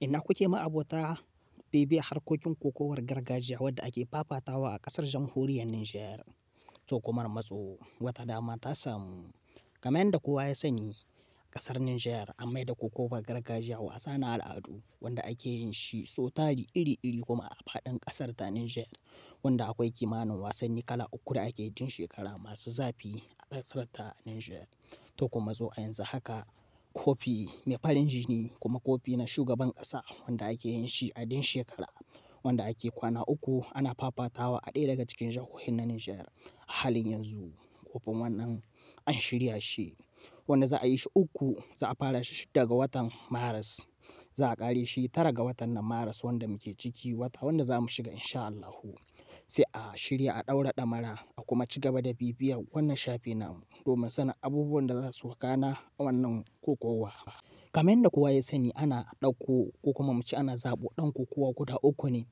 Ina kuke ma'abota bibiyar harkokin kokowar gargajiya wadda ake fafatawa a ƙasar jamhuriyar Nijar? To kuma matso wata dama ta samu. Kamar yadda kowa ya sani ƙasar Nijar an da kokowar gargajiya wasa na al'adu wanda ake yin shi so tari iri-iri kuma a faɗin ƙasar ta Nijar wanda akwai kimanin wasanni kala uku da ake yi tun shekara masu zafi a ƙasar ta Nijar. To kuma zo a yanzu haka. kofi mai farin jini kuma kofi na shugaban ƙasa wanda ake yin shi a din shekara wanda ake kwana uku ana fafatawa a ɗaya daga cikin jihohin na Nijar a halin yanzu kofin wannan an shirya shi wanda za a yi shi uku za a fara shi daga watan Maris za a kare shi tara ga watan nan Maris wanda muke ciki wata wanda za mu shiga insha Allahu. sai a shirya a ɗaura ɗamara a kuma ci gaba da bibiya wannan shafi namu domin sanin abubuwan da za su kana wannan kokowa. Kamar yadda kowa ya sani ana ɗauko ko kuma mu ci ana zaɓo ɗan kokowa guda uku ne,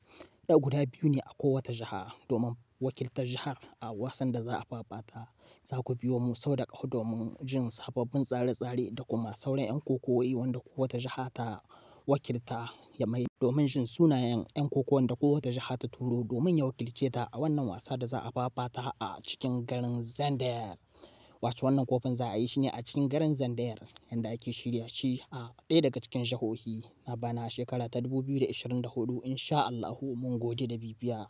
da guda biyu ne a kowace jiha domin wakiltar jihar a wasan da za a fafata. Za ku biyo mu sau da ƙaho domin jin sababbin tsare-tsare da kuma sauran 'yan kokowoyi wanda kowace jiha ta wakilta ya mai domin jin sunayen 'yan kokowar da kowace jiha ta turo domin ya wakilce ta a wannan wasa da za a fafata a cikin garin Zandayar. Wato wannan kofin za a yi shi ne a cikin garin Zandayar yadda ake shirya shi a ɗaya daga cikin jihohi na bana shekara ta 2024 insha Allahu mun gode da bibiya.